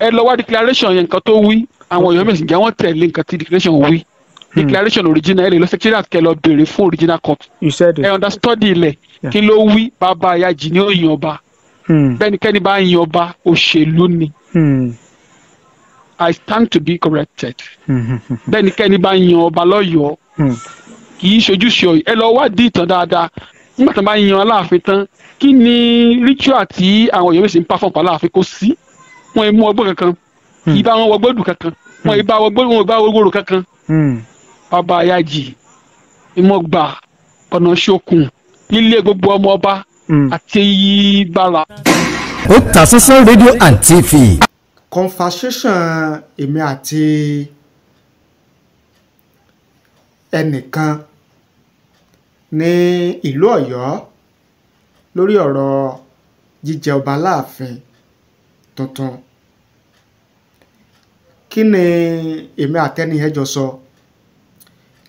ẹ lọ wá declaration yẹn nǹkan tó wí àwọn èèyàn mẹsìn jẹ wọn tẹ̀lé nǹkan tí declaration wí hmm. declaration original ẹ lè lọ secretariat kẹ lọ béèrè fún original copy ẹ understudy ilẹ̀ kí ló wí bàbá ayájì ni ó yan ọba hmm. bẹ́nikẹ́ni bá yan ọba òṣèlú ni hmm. I stand to be corrected bẹ́nikẹ́ni bá yan ọba lọ́yọ̀ọ́ kì í ṣojúṣe ọ̀yọ́ ẹ lọ wádìí ìtàn dáadáa nígbà tó bá yan aláàfin tán kí ni ritual tí àwọn èèyàn mẹsìn ń pa fún ọ̀pọ̀ aláàfin kò sí wọn ì mú ọgbọ́n kankan hmm. ìbá wọn wọgbọ́dù kankan hmm. wọn ì bá wọgbọ́dù wọn ì bá wọgbọ́dù kankan. Hmm. bàbá ayájì ìmọ̀gbà ọ̀nà ṣokùn nílé gbogbo ọmọ ọba àti bàrà. ó ta sánsán rédíò and tv. conversation èmi àti ẹnìkan ní ìlú Ọ̀yọ́ lórí ọ̀rọ̀ jíjẹ ọba láàfin tuntun kí ni èmi àtẹni yẹn jọ sọ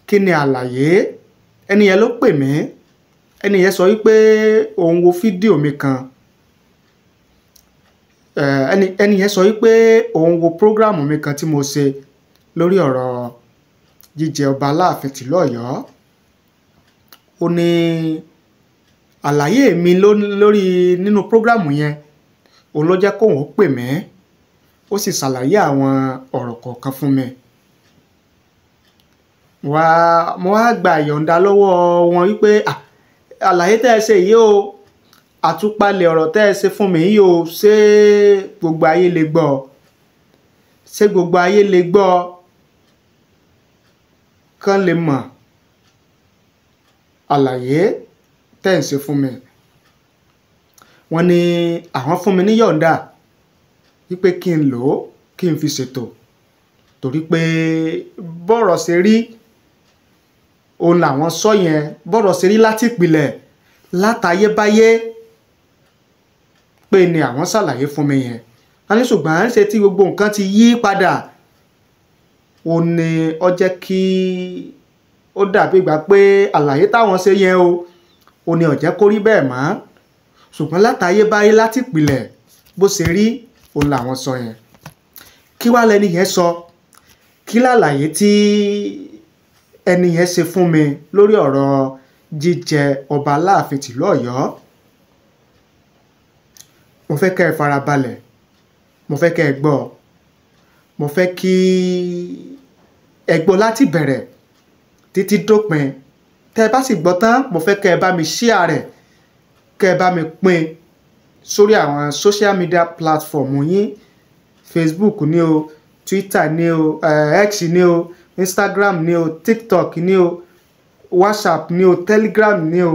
kí ni àlàyé ẹni yẹn ló pè mí ẹni yẹn sọ wípé òun wo fídíò mi kan ẹni ẹni yẹn sọ wípé òun wo prógráàmù mi kan tí mo ṣe lórí ọ̀rọ̀ jíjẹ ọba aláàfin tìlú Ọ̀yọ́ ó ní àlàyé mi lórí nínú prógráàmù yẹn òun ló jẹ́ kóun ó pè mí ó sì ṣàlàyé àwọn ọ̀rọ̀ kọ̀ọ̀kan fún mi wá mo wá gba ìyọ̀ǹda lọ́wọ́ wọn wípé àlàyé tẹ́ ẹ ṣe yìí o àtúpalẹ̀ ọ̀rọ̀ tẹ́ ẹ ṣe fún mi yìí o ṣé gbogbo ayé lè gbọ́ ṣé gbogbo ayé lè gbọ́ kán lè mọ̀ àlàyé tẹ́ ẹ ṣe fún mi wọ́n ní àwọn fún mi ní yọ̀ǹda wípé kí n lò ó kí n fi ṣètò torí pé bọ́rọ̀ ṣe rí òun làwọn sọ yẹn bọ́rọ̀ ṣe rí láti ìpìlẹ̀ látayébáyé pé ni àwọn ṣàlàyé fún mi yẹn a ní ṣùgbọ́n ṣe tí gbogbo nǹkan ti yí padà ó ní ó jẹ́ kí ó dàbí ìgbà pé àlàyé táwọn ṣe yẹn o ó ní ó jẹ́ bẹ́ẹ̀ mọ́ ṣùgbọ́n látayébáyé látìpìlẹ̀ bó ṣe rí òun làwọn sọ yẹn kí wàá lẹni yẹn sọ kí làlàyé tí ẹni yẹn ṣe fún mi lórí ọ̀rọ̀ jíjẹ ọba aláàfin tìlú Ọ̀yọ́ mo fẹ́ kẹ́ ẹ farabalẹ̀ mo fẹ́ kẹ́ ẹ gbọ́ mo fẹ́ kí ẹ gbọ́ láti bẹ̀rẹ̀ títí dópin tẹ́ ẹ bá sì gbọ́ tán mo fẹ́ kẹ́ ẹ bá mi ṣíà rẹ̀ kẹ́ ẹ bá mi pín sórí àwọn social media platform yín facebook ni o twitter ni o eh, x ni o instagram ni o tiktok ni o whatsapp ni o telegram ni o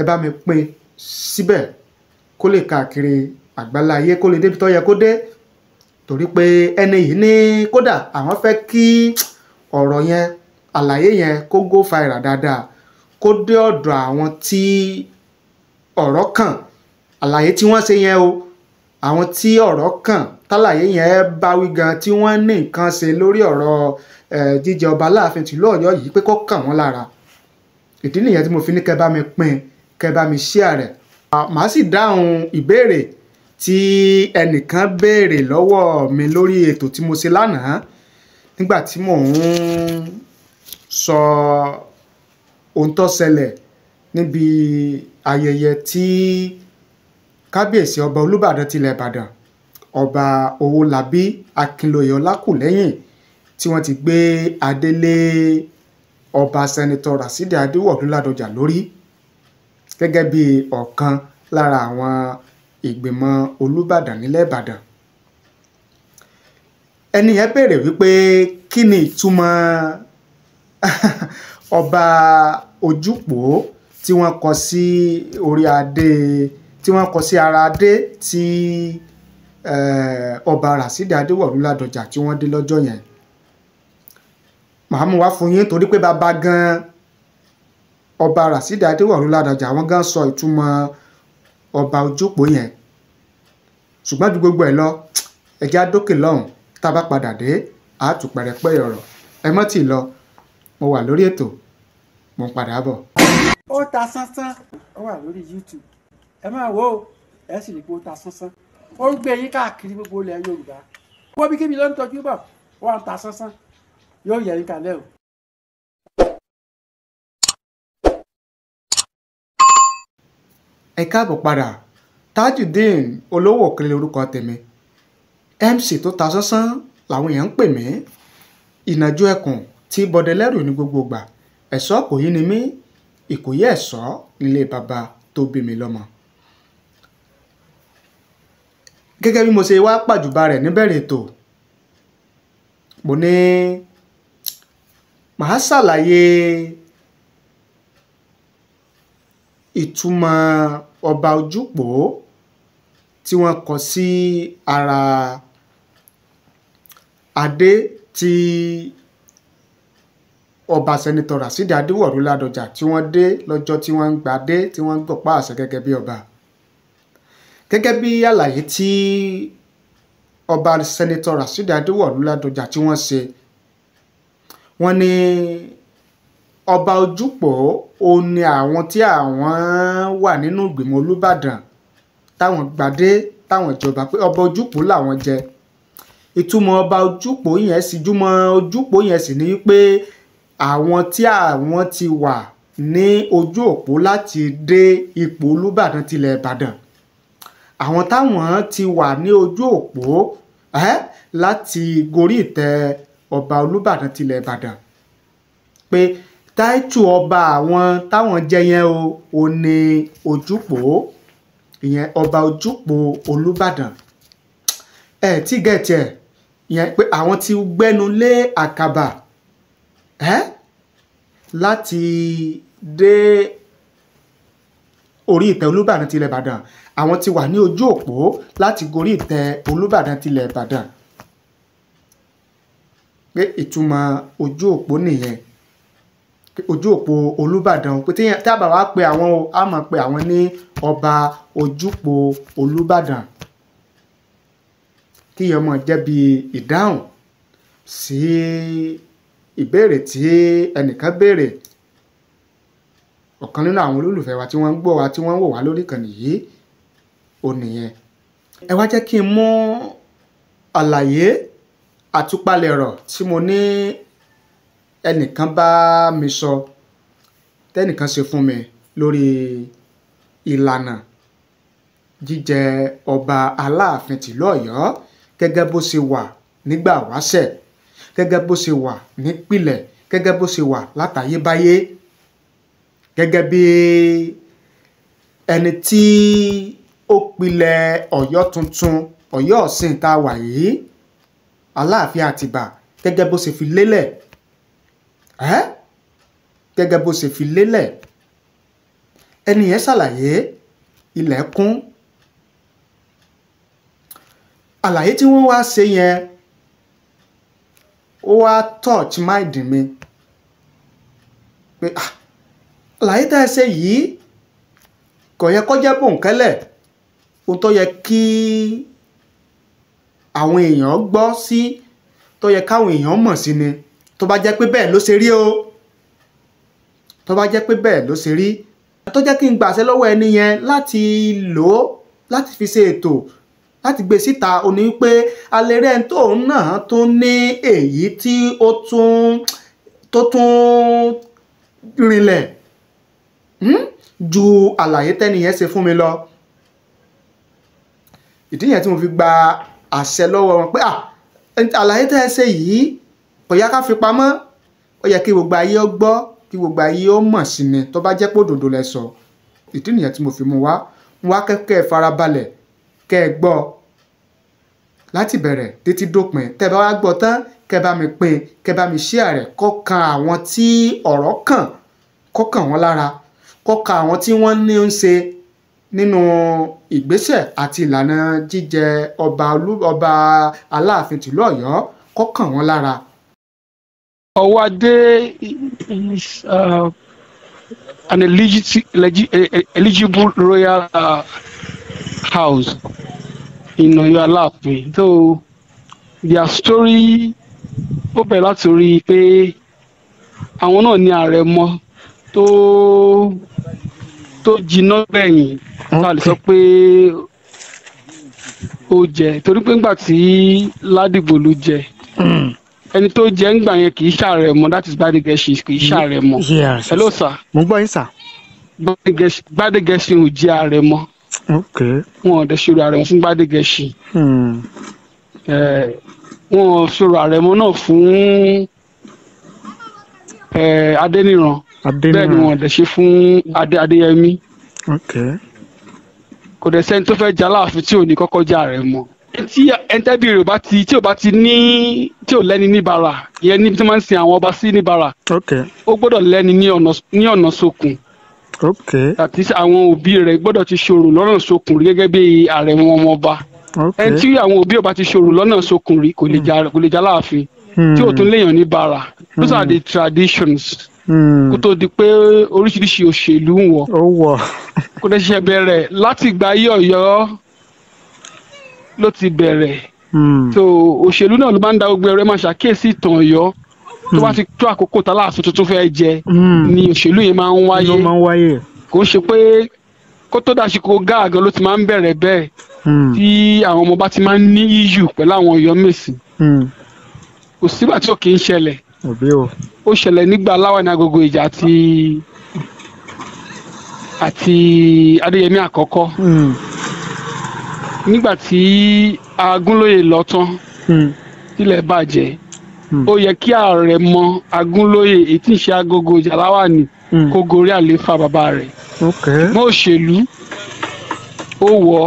ẹ bá mi pín síbẹ̀ kó lè káàkiri àgbáláyé kó lè débi tó yẹ kó dé torí pé ẹni yìí ní kódà àwọn fẹ́ kí ọ̀rọ̀ yẹn àlàyé yẹn kó go fàìrà kó dé ọ̀dọ̀ àwọn tí ọ̀rọ̀ kàn àlàyé tí wọ́n ṣe yẹn o àwọn tí ọ̀rọ̀ kàn tálàyé yẹn bá wí gan tí wọ́n ní nǹkan ṣe lórí ọ̀rọ̀ jíjẹ ọba láàfin tìlú Ọ̀yọ́ yìí pé kó kàn wọ́n lára ìdí nìyẹn tí mo fi ní kẹ́ bá mi pín kẹ́ bá mi share rẹ̀ màá sì dáhùn ìbéèrè tí ẹnìkan béèrè lọ́wọ́ mi lórí ètò tí mo ṣe lánàá nígbà tí mò ń sọ ohun tó ṣẹlẹ̀ níbi ayẹyẹ tí kábíyèsí ọba olùbàdàn tilẹ̀ ìbàdàn ọba owólabí akínlóye ọlákùlẹ́yìn tí wọ́n ti gbé adélé ọba sẹ́nitọ́ rasidi adéwọ̀lú ládọjà lórí gẹ́gẹ́ bí ọ̀kan lára àwọn ìgbìmọ̀ olùbàdàn nílẹ̀ ìbàdàn ẹni yẹn béèrè wípé kí ni ìtumọ̀ ọba ojúpòó tí wọ́n kọ sí orí adé tí wọ́n kọ sí ara adé tí eh, ọba Rasidi Adéwọ̀lú Ládọjà tí wọ́n dé lọ́jọ́ yẹn màá mú wá fún yín torí pé bàbá gan ọba Rasidi Adéwọ̀lú Ládọjà wọ́n gan sọ ìtumọ̀ ọba ojókòó yẹn ṣùgbọ́n ju gbogbo ẹ̀ lọ ẹ̀já dókè lọ́hùn tá padà dé àátùpẹ̀rẹ̀ ọ̀rọ̀ ẹ mọ́ tì lọ mo wà lórí ètò mo ń padà bọ̀ ó ta sánsán ó wà lórí YouTube ẹ máa wò ẹ sì rí pé ó ta sánsán ó ń gbé yín káàkiri gbogbo ilẹ̀ Yorùbá wọ́n kíbi ló ń tọ́jú bọ̀ wọ́n à ta sánsán yóò yẹ yín kalẹ̀ o. ẹ káàbọ̀ padà Tajudeen olówó òkèlè orúkọ tèmi MC tó ta sánsán làwọn èèyàn ń pè mí ìnàjú ẹkùn tí bọdẹlẹrù ní gbogbo ìgbà ẹ̀ṣọ́ kò yí ni mí Ìkòyí Ẹ̀sọ́ ilé bàbá tó bí mi lọ́mọ. gẹ́gẹ́ bí mo ṣe wá pàjùbà rẹ̀ níbẹ̀rẹ̀ ètò mo ní màá ṣàlàyé ìtumọ̀ ọba ojúpòó tí wọ́n kọ sí ara adé tí ọba sẹ́nitọ́ rasidi adéwọ̀rú ládọjà tí wọ́n dé lọ́jọ́ tí wọ́n ń gbà dé tí wọ́n ń gọ̀pá àṣẹ gẹ́gẹ́ bí ọba gẹ́gẹ́ bí àlàyé tí ọba sẹ́nitọ́ rasidi adéwọ̀rú ládọjà tí wọ́n ṣe wọ́n ní ọba ojúpọ̀ ó ní àwọn tí àwọn wà nínú ìgbìmọ̀ olúbàdàn táwọn gbàdé táwọn ìjọba pé ọba ojúpọ̀ làwọn jẹ ìtumọ̀ ọba ojúpọ̀ yẹn sì júmọ̀ ojúpọ̀ yẹn sì ní pé àwọn tí àwọn ti wà ní ojú òpó láti dé ipò Olúbàdàn tilẹ̀ Ìbàdàn àwọn táwọn ti wà ní ojú òpó eh, láti gorí ìtẹ́ ọba Olúbàdàn tilẹ̀ Ìbàdàn pé táìtù ọba àwọn táwọn jẹ o ò ní ojúpò ìyẹn ọba ojúpò Olúbàdàn ẹ tí gẹ̀ẹ́tì ẹ ìyẹn pé àwọn ti gbẹnu lé àkàbà ẹ́ láti dé orí ìtẹ́ Olúbàdàn tilẹ̀ Ìbàdàn àwọn ti wà ní ojú òpó láti gorí ìtẹ́ Olúbàdàn tilẹ̀ Ìbàdàn pé ìtumọ̀ ojú òpó nìyẹn ojú òpó Olúbàdàn pé tí a bá wá pe àwọn o a máa pe àwọn ní ọba ojúpo Olúbàdàn kíyẹn mọ̀ jẹ́ bí ìdáhùn sí. Si ìbéèrè tí ẹnìkan béèrè ọ̀kan nínú àwọn olólùfẹ́ wa tí wọ́n ń gbọ́ wa tí wọ́n ń wò wá lórí ìkànnì yìí ò nìyẹn ẹ wá jẹ́ kí n mú àlàyé àtúpalẹ̀rọ̀ tí mo ní ẹnìkan bá mi sọ tẹ́nìkan ṣe fún mi lórí ìlànà jíjẹ ọba aláàfin tìlú Ọ̀yọ́ gẹ́gẹ́ bó ṣe wà nígbà wáṣẹ̀ gẹ́gẹ́ bó ṣe wà nípìlẹ̀ gẹ́gẹ́ bó ṣe wà látayébáyé gẹ́gẹ́ bí ẹni tí ó pilẹ̀ ọ̀yọ́ tuntun ọ̀yọ́ ọ̀sìn tá a wà yìí aláàfin àtìbà gẹ́gẹ́ bó ṣe fi lélẹ̀ ẹ́ gẹ́gẹ́ bó ṣe fi lélẹ̀ ẹni yẹn ṣàlàyé ilẹ̀ kún àlàyé tí wọ́n wá ṣe yẹn ó wá touch mind mi pé ah àlàyé tá ẹ ṣe yìí kò yẹ kó jẹ́ bòńkẹ́lẹ̀ ohun tó yẹ kí àwọn èèyàn gbọ́ sí tó yẹ káwọn èèyàn mọ̀ sí ni tó bá jẹ́ pé bẹ́ẹ̀ ló ṣe rí o tó bá jẹ́ pé bẹ́ẹ̀ ló ṣe rí tó jẹ́ kí n gbàṣẹ lọ́wọ́ ẹni yẹn láti lò ó láti fi ṣe ètò láti gbé síta ó ní pé alẹ́rẹ́ ẹni tó ń náà tó ní èyí tí ó tún tó tún rinlẹ̀ hmm, ju àlàyé tẹ́niyẹn ṣe fún mi lọ ìdí yẹn tí mo fi gba àṣẹ lọ́wọ́ wọn pé àlàyé tẹ́ ẹ ṣe yìí kò yá ká fi pamọ́ ó yẹ kí gbogbo ayé ó gbọ́ kí gbogbo ayé ó mọ̀ sí ni tó bá jẹ́ pé òdodo lẹ sọ ìdí nìyẹn tí mo fi mú wá wá kẹ́kẹ́ farabalẹ̀ kẹ́ ẹ gbọ́ láti bẹ̀rẹ̀ títí dópin tẹ́ bá wá gbọ́ tán kẹ́ bá mi pín kẹ́ bá mi share rẹ̀ kó kan àwọn tí ọ̀rọ̀ kàn kó kàn wọ́n lára kó kan àwọn tí wọ́n ní ń ṣe nínú ìgbésẹ̀ àti ìlànà jíjẹ ọba ọba aláàfin tìlú Ọ̀yọ́ kó kàn lára. ọwọ́ adé is uh, an eligible royal uh, house in Ọ̀yọ́ Aláàfin so their story ó bẹ̀rẹ̀ láti rí i pé àwọn náà ní àrẹ̀mọ tó tó jiná gbẹ̀yìn tá a lè sọ pé ó jẹ torí pé ńgbà tí Ládìgbòlú jẹ hmm. ẹni tó jẹ ńgbà yẹn kì í ṣàrẹ̀mọ that is Gbadegesin kì í ṣàrẹ̀mọ hello sir mo gbọ́ sir Gbadegesin ò jẹ àrẹ̀mọ wọn ò dẹ̀ ṣòro àrẹ̀mọ fún Gbádégẹṣin hmm. wọn ò ṣòro àrẹ̀mọ náà fún Adéníran bẹ́ẹ̀ ni wọn ò dẹ̀ ṣe fún Adéyẹmí kò dẹ̀ sẹ́ni tó fẹ́ jẹ Aláàfin tí ò ní kọ́kọ́ jẹ àrẹ̀mọ tí ẹntẹ́bí rẹ̀ bá ti tí ò bá ti ní tí ò lẹ́ni níbàrà ìyẹn ní tí wọ́n máa ń sin àwọn ọba sí níbàrà ó gbọ́dọ̀ lẹ́ni ní ọ̀nà sókun okay. àti àwọn òbí rẹ̀ gbọ́dọ̀ ti ṣòro lọ́rùn sókun rí gẹ́gẹ́ bí ààrẹ wọn ọmọọba ẹni tí àwọn òbí ọba ti ṣòro lọ́nà sókun rí kò lè hmm. já láàfin hmm. tí ò tún léèyàn ní bara those are hmm. the traditions kó tó di pé oríṣiríṣi òṣèlú ń wọ kó lè ṣiṣẹ́ bẹ̀rẹ̀ láti ìgbà ayé Ọ̀yọ́ ló ti bẹ̀rẹ̀ so òṣèlú náà ló máa ń da gbogbo ẹ̀rọ máa ṣàkíyèsí ìtàn Ọ̀yọ́ tó bá hmm. ti tó àkókò tá láàfin tuntun fẹ́ jẹ hmm. ni òṣèlú yìí máa ń wáyé kò ṣe pé kó tó dàsìkò gáàgan ló ti máa ń bẹ̀rẹ̀ bẹ́ẹ̀ hmm. tí àwọn ọmọ bá ti máa ń ní iyù pẹ̀lú àwọn Ọ̀yọ́mèsì kò sígbà tí ò kì í ṣẹlẹ̀ ó ṣẹlẹ̀ nígbà Láwàní Agogo Ìjà àti àti Adéyẹmí àkọ́kọ́ nígbà tí Agúnlóye lọ tán tilẹ̀ bàjẹ́ ó yẹ kí ààrẹ mọ agúnlóye èyí tí ń ṣe agogo jàláwà ni hmm. kó gorí àléfà bàbá rẹ̀ mọ òṣèlú ó wọ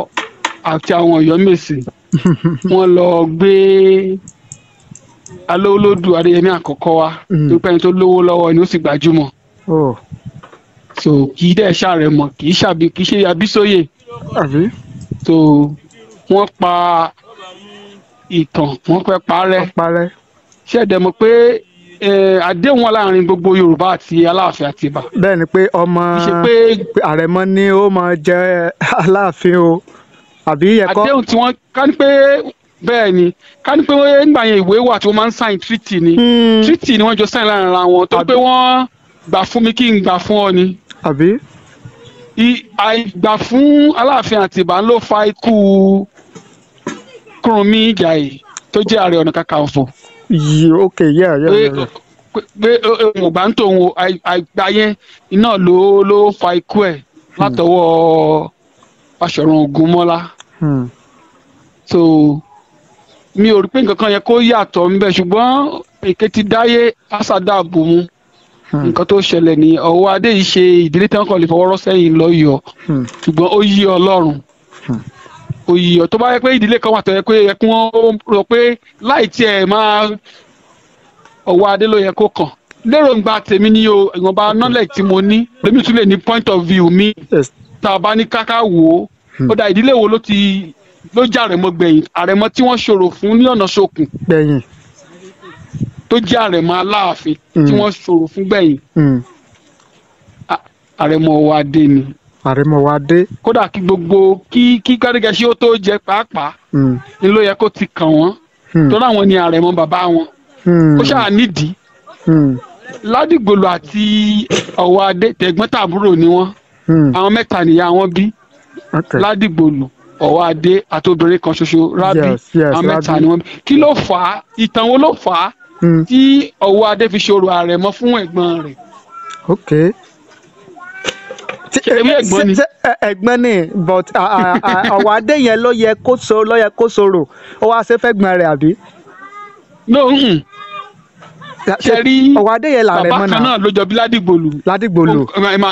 àti àwọn ọ̀yọ́mèsì wọ́n lọ gbé alówólódù adéyẹmí àkọ́kọ́ wa nípa hmm. ẹni tó lówó lọ́wọ́ ni ó sì gbajúmọ̀ oh. so kì í dẹ̀ ṣàrẹ̀ mọ̀ kì í ṣàbí kì í ṣe abísóyè so wọ́n pa ìtàn wọ́n fẹ́ parẹ́ ṣẹ̀dẹ̀ mọ̀ pé àdéhùn wà láàrin gbogbo yorùbá àti aláàfin àti ibà. bẹ́ẹ̀ni pé ọmọ àrẹ̀mọ ni ó máa jẹ aláàfin o àbí ẹ̀kọ́. àdéhùn tí wọ́n ká ní pé bẹ́ẹ̀ ni ká ní pé nígbà yẹn ìwé wà tí wọ́n máa ń sign treaty ni hmm. treaty ni wọ́n jọ sign láàrin ara wọn tó pé wọ́n gbà fún mi kí n gbà fún ọ ni. àbí. àìgbà fún aláàfin àti ibà ló fa ikú Kúrúnmí Ìjàyè tó jẹ́ Ààrẹ Ọ̀nà Kakanfò yìí ok yeah yeah pé ògbà ń tòun o yẹn iná ló ló fa ikú ẹ̀ hmm. látọwọ́ Baṣọ̀run Ògúnmọ́lá hmm. so mi ò rí pé nǹkan kan yẹ kó yàtọ̀ ńbẹ̀ ṣùgbọ́n èké ti dáyé àṣàdàbò mu hmm. nǹkan tó ṣẹlẹ̀ ní ọwọ́ adé yìí ṣe ìdílé tí wọ́n kàn lè fọwọ́rọ́ sẹ́yìn lọ́yọ̀ọ́ ṣùgbọ́n ó yí Ọlọ́run kò tó bá yẹ pé ìdílé kan wà tó yẹ pé yẹ kí wọ́n rò pé láì tiẹ̀ máa ọwọ́ adé ló yẹ kó kàn lérògbà tèmi ni o ìwọ̀nba knowledge tí mo ní lèmi tún lè ní point of view mi tá a bá ní káká wò ó hmm. ó da ìdílé wo ló ti ló jẹ́ àrẹ̀mọ gbẹ̀yìn àrẹ̀mọ tí wọ́n ṣòro fún ní ọ̀nà ṣokùn gbẹ̀yìn tó jẹ́ àrẹ̀mọ aláàfin tí hmm. wọ́n ṣòro fún gbẹ̀yìn hmm. àrẹ̀mọ ọwọ́ adé ni àrẹmọwádé. kódà kí gbogbo kí kí kárìgàṣí ó tó jẹ pàápàá hmm. ni ló yẹ kó ti kàn wọ́n hmm. tó ráwọn ni àrẹmọ bàbá wọn hmm. ó ṣáà nídìí ládìgbòlù àti ọwọ́adé tẹ̀gbọ́n-tàbúrò ni wọ́n àwọn mẹ́ta nìyá wọn bí ládìgbòlù ọwọ́adé àti obìnrin kan ṣoṣo rábì àwọn mẹ́ta ni wọ́n bí kí ló fà á ìtàn wo ló fà á tí ọwọ́adé fi ṣòro àrẹmọ fún ẹ̀gbọ́n rẹ̀. okay ewé ẹ̀gbọ́n ni. ẹ̀gbọ́n ni but ọ̀wọ́ adé yẹn ló yẹ kó so ló yẹ kó sọ̀rọ̀ ó wá ṣe fẹ́ gbọ́n rẹ̀ àbí. no ṣe rí ọ̀wọ́ adé yẹn làrẹ̀ mọ́nà bàbá kan náà ló jọ bí ládìgbòlù. ládìgbòlù mo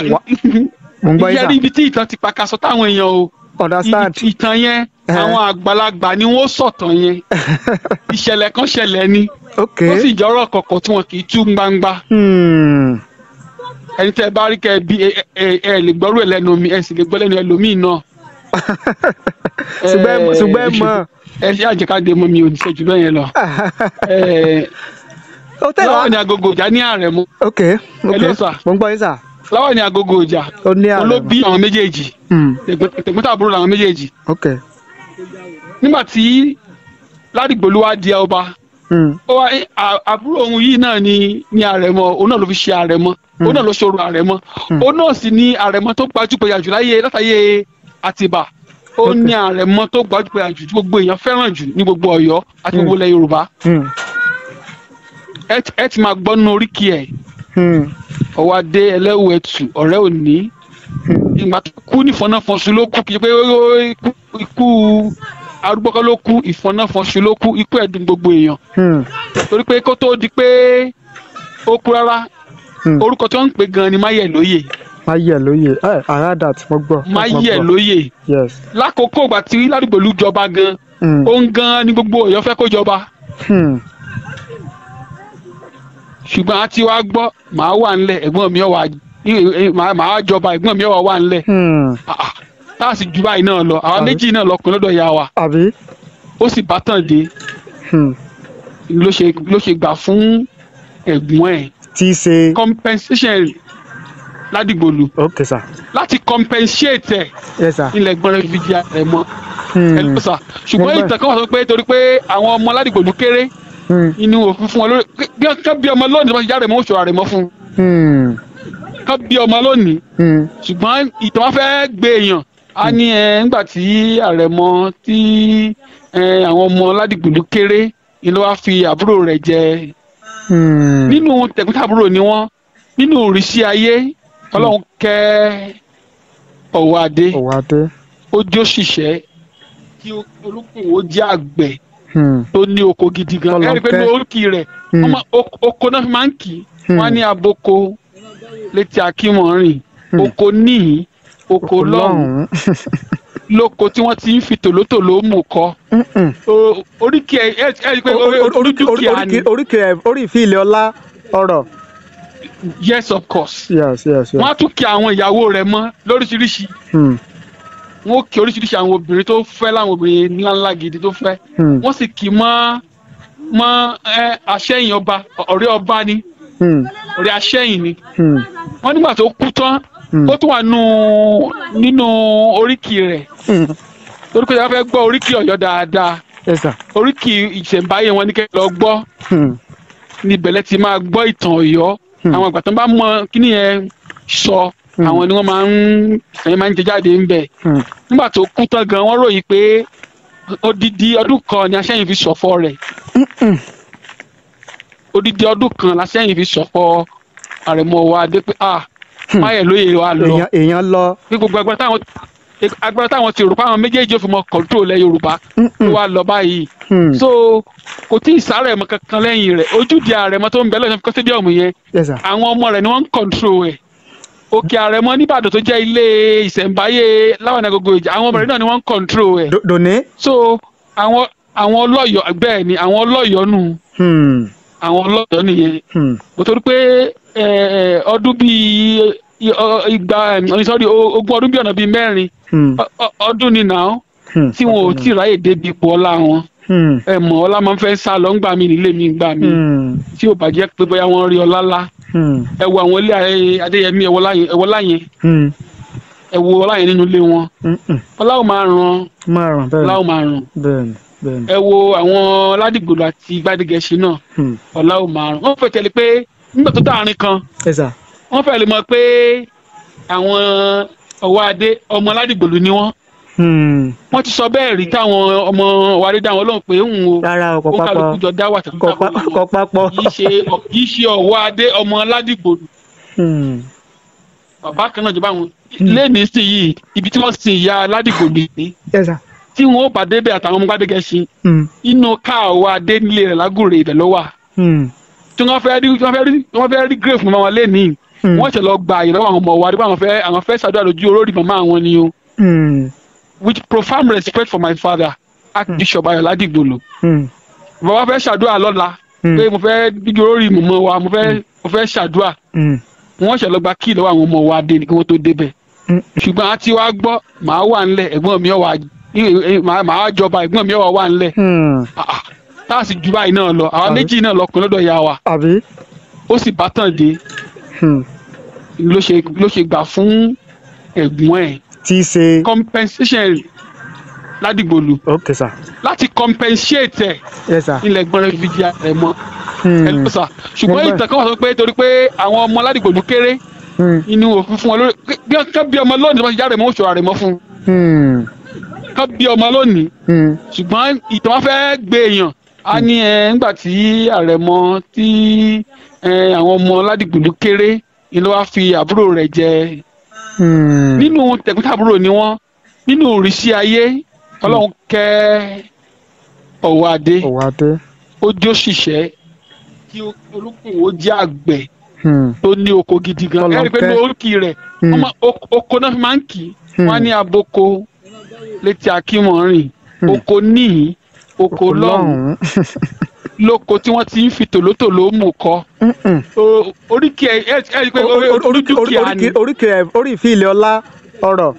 ń gbọ́ yíjà. ìyẹn rí ibi tí ìtàn ti pàkàṣọ táwọn èèyàn o understand. ìtàn yẹn eh. àwọn àgbàlagbà ni wọ́n sọ̀tàn yẹn ìṣẹ̀lẹ̀ kan ṣẹlẹ̀ ni ó sì jọrọ kọkọ tí wọn kì í tú gbangba. Hmm ẹni tẹ́ bá rí kẹ bí ẹ ẹ lè gbọ́rú ẹ̀ lẹ́nu mi ẹ sì lè gbọ́ lẹ́nu ẹlòmíì náà. ṣùgbọ́n ẹ mọ̀. ẹ ṣe àjẹkáde mọ́ mi ò ní ṣẹ́jú bẹ́ẹ̀ lọ. ó ni agogo ìjà ní ààrẹ mú. ok ok mo ń gbọ́ yín sà. láwọn ni agogo ìjà olóbí àwọn méjèèjì hmm. tẹ̀gbọ́ntàbúrò làwọn méjèèjì. nígbà tí ládìgbòlúwa di ọba Hmm. Eh, àbúrò òun yìí náà ni ni àrẹ̀mọ òun náà ló fi ṣe àrẹ̀mọ hmm. òun náà ló ṣòro àrẹ̀mọ òun hmm. náà sì ni àrẹ̀mọ tó gbajúgbajà jù láyé látàyè àtìbà ó ní àrẹ̀mọ tó gbajúgbajà jù tí gbogbo èèyàn fẹ́ràn jù ní gbogbo Ọ̀yọ́ àti gbogbo ilẹ̀ Yorùbá ẹ ti máa gbọ́ nínú oríkì ẹ̀ ọwọ́ adé ẹlẹ́wù ẹ̀tù ọ̀rẹ́ òní ìgbà tó kú nífọ̀nàfọ̀sùn ló kú kì í pé ikú arúgbó kan ló kú ìfọnáfọnṣu ló kú ikú ẹ̀dùn gbogbo èèyàn hmm. torí pé kó tó di pé ó kú rárá hmm. orúkọ tó ń pè gan ni máyẹ̀lóyè máyẹ̀lóyè ẹ àràdà tí mo gbọ́. máyẹ̀lóyè lákòókò ìgbà tí ládùúgbòlú jọba gan òun hmm. gan ni gbogbo Ọ̀yọ́ fẹ́ kó jọba ṣùgbọ́n àti wàá gbọ́ màá wà ńlẹ̀ ẹ̀gbọ́n mi ọ̀ wà màá jọba ẹ̀gbọ́n mi ọ̀ wà ńlẹ̀ tá a sì ju báyìí náà lọ àwa méjì náà lọkùnrin lọ́dọ̀ ìyá wa ó sì bá tàn dé hmm. ló ṣe gbà fún ẹ̀gbọ́n ẹ̀ tí í ṣe. compensation ládìgbòlù. ok sir. láti compensate ẹ. yes sir. ilẹ̀ gbọ́n rẹ fi di ẹ mọ́. Hmm. ẹ lọ sà ṣùgbọ́n ìtàn kan wà sọ pé torí pé àwọn ọmọ ládìgbòlù kéré. Hmm. inú òfin fún wọn lórí kán bí ọmọ lónìí lọ́sọ̀ jáde mọ́ oṣù ààrẹ mọ́ fún. kán bí ọmọ lónìí. ṣùgbọ́n ìtàn wọn fẹ́ gbé èèyàn a ní ẹ nígbà tí àrẹ̀mọ tí àwọn ọmọ ládìgbòlú kéré ni ló wá fi àbúrò rẹ̀ jẹ hmm. nínú tẹ̀gbọ́ntàbúrò ni wọ́n nínú òrìṣì ayé ọlọ́run kẹ́ ọ̀wádé ojú òṣìṣẹ́ kí olókùnwó jẹ́ àgbẹ̀ hmm. tó ní oko gidi gan ẹ̀rí pé ní oríkì rẹ̀ hmm. oko náà fi máa ń kì í wọ́n á ní aboko létí akínmọ̀rin oko níyì oko lọ́hùn-ún lóko tí wọ́n ti ń fi tòlótòló mú kọ. oríkì ni. oríkì ẹ orí ìfilẹ̀ ọlá ọ̀rọ̀. yes of course. yes yes yes. wọ́n á tún kí àwọn ìyàwó rẹ̀ mọ́ lóríṣiríṣi. Hmm. wọ́n kí oríṣiríṣi àwọn obìnrin tó fẹ́ láwọn obìnrin ńláńlá gidi tó fẹ́. Hmm. wọ́n sì kì í mọ́ mọ́ àṣẹyìn ọba ọ̀rẹ́ ọba ni hmm. ọ̀rẹ́ àṣẹyìn ni. wọ́n nígbà tó kú tán Hmm. ó tún wà nínú oríkì rẹ̀ hmm. torí pé ìjọba fẹ́ gbọ́ oríkì ọ̀yọ́ dáadáa oríkì ìṣẹ̀ǹbáyé wọn ní kẹ́ lọ gbọ́ hmm. ní ìbẹ̀lẹ̀ ti máa gbọ́ ìtàn ọ̀yọ́ àwọn àgbà tó bá mọ kíní yẹn sọ àwọn ni wọ́n máa ń ẹ̀yìn máa ń jẹ jáde ń bẹ̀ nígbà tó kú tán gan wọ́n ròyìn pé odidi ọdún kan ni aṣẹ́yìn fi ṣọ̀fọ̀ rẹ̀ odidi ọdún kan làṣẹ́yìn fi ṣọ̀fọ̀ àrẹ̀mọ̀ dé pé ah máyẹ̀ hmm. lóye wa lọ èèyàn lọ. ní gbogbo agbára táwọn agbára táwọn ti rò pé àwọn méjèèjì ò fi mọ kọ̀ǹtró lẹ yorùbá ló wá lọ báyìí hmm. so kò tí ì sáré ẹ̀mọ kankan lẹ́yìn rẹ̀ ojúde àrẹ̀mọ tó ń bẹ lọ́sàn-án kọ́sídíọ̀mù yẹn àwọn ọmọ rẹ̀ ni wọ́n ń kọ̀ǹtró ẹ̀ òkè àrẹ̀mọ nìbàdàn tó jẹ́ ilé ìṣẹ̀ǹbáyé láwọn agogo ìjà àwọn ọmọ rẹ̀ náà ni wọ́n ń kọ̀ǹtró ẹ̀ so àwọn àwọn ọlọ́yọ̀ bẹ́ẹ̀ ni àwọn ọlọ́yọ̀ nù hmm àwọn ọlọ́dọ̀ nìyẹn hmm. mo torí pé ọdún bíi igba sorry ogún ọdún bíi ọ̀nà bíi mẹ́rin hmm. ọdún ni nà án hmm. tí wọn ò tí ráyè débi ipò ọlá wọn ẹ mọ̀ ọlá máa ń fẹ́ sá lọ ń gbà mí nílé mi gbà mí tí ò bá jẹ́ pé bóyá wọ́n rí ọlá lá ẹ wo àwọn ilé Adéyẹmí ẹwọ láyẹn ẹ wo ọlá yẹn nínú ilé wọn ọlá ò máa ràn ọlá ò máa ràn ẹ wo àwọn ládìgbòlù àti gbadegẹṣin náà hmm. ọlá ò márùn wọn fẹ́ tẹ̀lé pé nígbà tó tààrin kan wọn fẹ́ lè mọ̀ pé àwọn ọwọ́ adé ọmọ ládìgbòlù ni wọn hmm. wọn ti sọ bẹ́ẹ̀ rí táwọn ọmọ wàrí dáwọn Ọlọ́run pé ń wo ó kálukú jọ dá wàtà kọ papọ̀ kì í ṣe ọwọ́ adé ọmọ ládìgbòlù hmm. bàbá kan náà jọba àwọn lẹ́ẹ̀mí sí yìí ibi tí wọ́n sin ìyá ládìgbòlù yìí tí wọn ò bá débẹ̀ àtàwọn ọmọ gbàgbé gẹ̀ẹ́sì hmm. inú káà wa dé nílé rẹ̀ lágùrè ibẹ̀ ló wà hmm. tí wọ́n fẹ́ rí wọ́n fẹ́ rí wọ́n fẹ́ rí grave mọ́ wọn lẹ́nìí wọ́n ṣe gba ìrọ́wọ́ àwọn ọmọ wa rí àwọn fẹ́ àwọn fẹ́ ṣàdúrà lójú olórí màmá àwọn ni o hmm. with profound respect for my father Archbishop Ayọ̀ Ládìgbòlù bàbá fẹ́ ṣàdúrà lọ́la pé mo fẹ́ dídí olórí màmá wa mo fẹ́ mo fẹ́ ṣàdúrà wọ́n ṣe lọ gba kí ìlọ́wọ́ àwọn ọmọ wa dé kí wọ́n tó débẹ̀ ṣùgbọ́n àti wá gbọ́ màá wà ńlẹ̀ ẹ̀gbọ́n mi ọ̀ wá màá jọba ẹ̀gbọ́n mi ọ̀wà wà ńlẹ̀ hmm. ah, ah. tá a sì ju báyìí náà lọ àwa ah. méjì náà lọkùnrin lọ́dọ̀ ìyá wa ó sì bá tàn dé hmm. ló ṣe gbà fún ẹ̀gbọ́n ẹ̀ tí í ṣe compensation ládìgbòlù okay sir láti compensate yes sir ilẹ̀ gbọ́n rẹ̀ fi di ẹ̀ mọ́ ẹ̀ ló sà ṣùgbọ́n ìtàn kan wà sọ pé torí pé àwọn ọmọ ládìgbòlù kéré hmm. inú òfin fún wọn lórí bí ọmọ lónìí wọn ti jáde mọ́ òṣùwà rẹ̀ mọ́ fún un kán bí ọmọ lónìí hmm. ṣùgbọ́n ìtàn wọn fẹ́ gbé èèyàn a ní ẹ nígbà tí àrẹ̀mọ tí àwọn ọmọ ládìgbòlú kéré ni ló wá fi àbúrò rẹ̀ jẹ hmm. nínú tẹ̀gbẹ́tàbúrò ni wọ́n nínú òrìṣì ayé ọlọ́run kẹ́ ọ̀wádé ó jó ṣiṣẹ́ kí olúkúwò jẹ́ àgbẹ̀ tó hmm. ní oko gidi gan ẹ̀rí pé ní oríkì rẹ̀ oko náà fi máa ń kì í wọ́n á ní aboko létí akínmọ̀rìn hmm. oko níhìn oko lọ́hùn-ún lóko tí wọ́n ti ń fi tòlótòló mú kọ. oríkì ẹ ẹ ẹ pé orí dúkìá ni. oríkì ẹ orí ìfìlẹ ọlá ọrọ̀.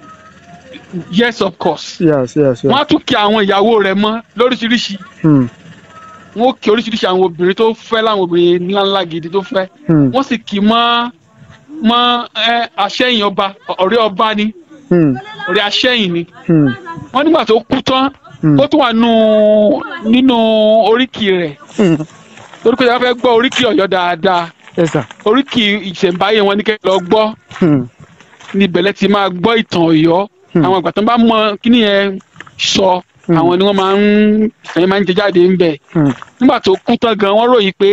yes of course. yes yes yes. wọ́n á tún kí àwọn ìyàwó rẹ̀ mọ́ lóríṣiríṣi. Hmm. wọ́n kí oríṣiríṣi àwọn obìnrin tó fẹ́ láwọn obìnrin ńláńlá gidi tó fẹ́. Hmm. wọ́n sì kì í mọ́ mọ́ àṣẹyìn ọba ọ̀rẹ́ ọba ni. Hmm. orí aṣẹ́yìn ni hmm. wọ́n nígbà tó kú tán hmm. ó tún wà nínú oríkì rẹ̀ torí pé wọ́n fẹ́ gbọ́ oríkì ọ̀yọ́ dáadáa oríkì ìṣẹ̀ǹbáyé wọn ní kẹ́ lọ gbọ́ ní ìbẹ̀lẹ̀ ti máa gbọ́ ìtàn ọ̀yọ́ àwọn àgbà tó bá mọ kíní yẹn sọ àwọn ni wọ́n máa ń ẹ̀yìn máa ń jẹ jáde ń bẹ̀ nígbà tó kú tán gan wọ́n ròyìn pé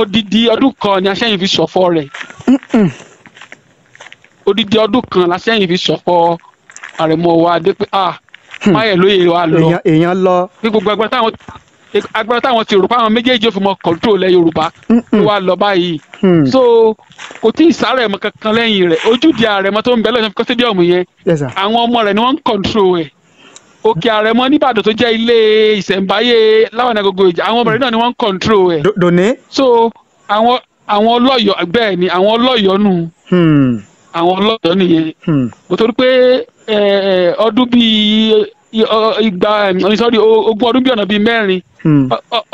odidi ọdún kan ni aṣẹ́yìn fi ṣọ̀fọ̀ rẹ̀ odidi ọdún kan lásẹ̀yìn fi sọ̀kọ àrẹ̀mọ wa dé pé a ah, máyẹ̀ hmm. lóye wa lọ èèyàn lọ bí gbogbo agbára táwọn agbára táwọn ti rò pé méjèèjì ò fi mọ kọ̀ǹtró lẹ yorùbá ló wà lọ báyìí hmm. so kò tí ì sáré ẹ̀mọ kankan lẹ́yìn rẹ̀ ojúde àrẹ̀mọ tó ń bẹ lọ́sàn kọ́sídíọ̀mù yẹn àwọn ọmọ rẹ̀ ni wọ́n ń kọ̀ǹtró ẹ̀ òkè àrẹ̀mọ nìbàdàn tó jẹ́ ilé ìṣẹ̀ǹbáyé láwọn agogo ìjà àwọn ọmọ rẹ̀ náà ni wọ́n ń kọ̀ǹtró ẹ̀ so àwọn àwọn ọlọ́yọ̀ bẹ́ẹ̀ ni àwọn ọlọ́yọ̀ nù hmm àwọn ọlọ́dọ̀ nìyẹn kò hmm. torí pé ọdún bíi igba sorry ogún ọdún bíi ọ̀nà bíi mẹ́rin hmm.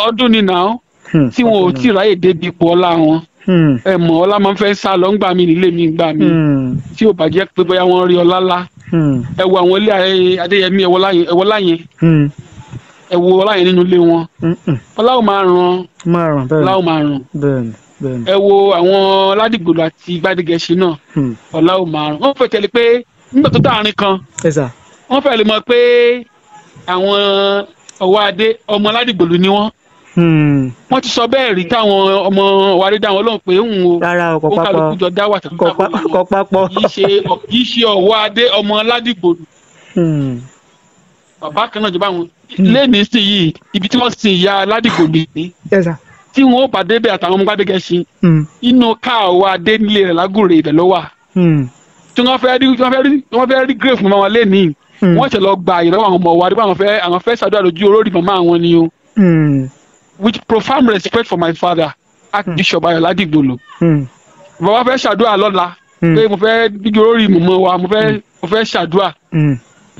ọdún ni nàá hmm. tí wọn ò tí ráyè débi ipò ọlá wọn ẹ mọ̀ ọlá máa ń fẹ́ sá lọ ńgbà mí nílé mi ńgbà mí tí ò bàjẹ́ pé bóyá wọ́n rí ọlá lá ẹ wo àwọn ilé Adéyẹmí ẹ wo ọlá yẹn ẹ wo ọlá yẹn nínú ilé wọn ọlá ò máa ràn ọlá ò máa ràn ẹ wo àwọn ládìgbòlù àti gbádìgẹṣin náà hmm. ọ̀la ò márùn wọ́n fẹ́ tẹ̀lé pé nígbà tó dáàrin kan wọ́n fẹ́ lè mọ̀ pé àwọn ọwọ́ adé ọmọ ládìgbòlù ni wọ́n hmm. wọ́n ti sọ bẹ́ẹ̀ rí táwọn ọmọ wàrí dáwọn ọlọ́run pé ń wo ó kálukú jọ dá wà tàbí kọ́pápọ̀ kì ṣe ọwọ́ adé ọmọ ládìgbòlù hmm. bàbá kan náà jọba àwọn lẹ́ẹ̀mí sí yìí ibi tí wọ́n sin ìyá ládìgbòlù yìí tí wọn ó bá débẹ̀ àtàwọn ọmọ gbàdégẹ sí hmm. inú káà wa dé nílé rẹ̀ lágùrè ibẹ̀ ló wà hmm. tí wọn fẹ́ rí wọn fẹ́ rí wọn fẹ́ rí grave mọ wọn lẹni wọn ṣe gba ìrọwọ àwọn ọmọ wa rí àwọn fẹ́ àwọn fẹ́ ṣàdúrà lójú olórí màmá àwọn ni o hmm. with profound respect for my father archbishop ayọ̀lá dìgbòlò bàbá fẹ́ ṣàdúrà lọ́la pé mo fẹ́ dídí olórí mọ̀mọ́ wa mo fẹ́ mo fẹ́ ṣàdúrà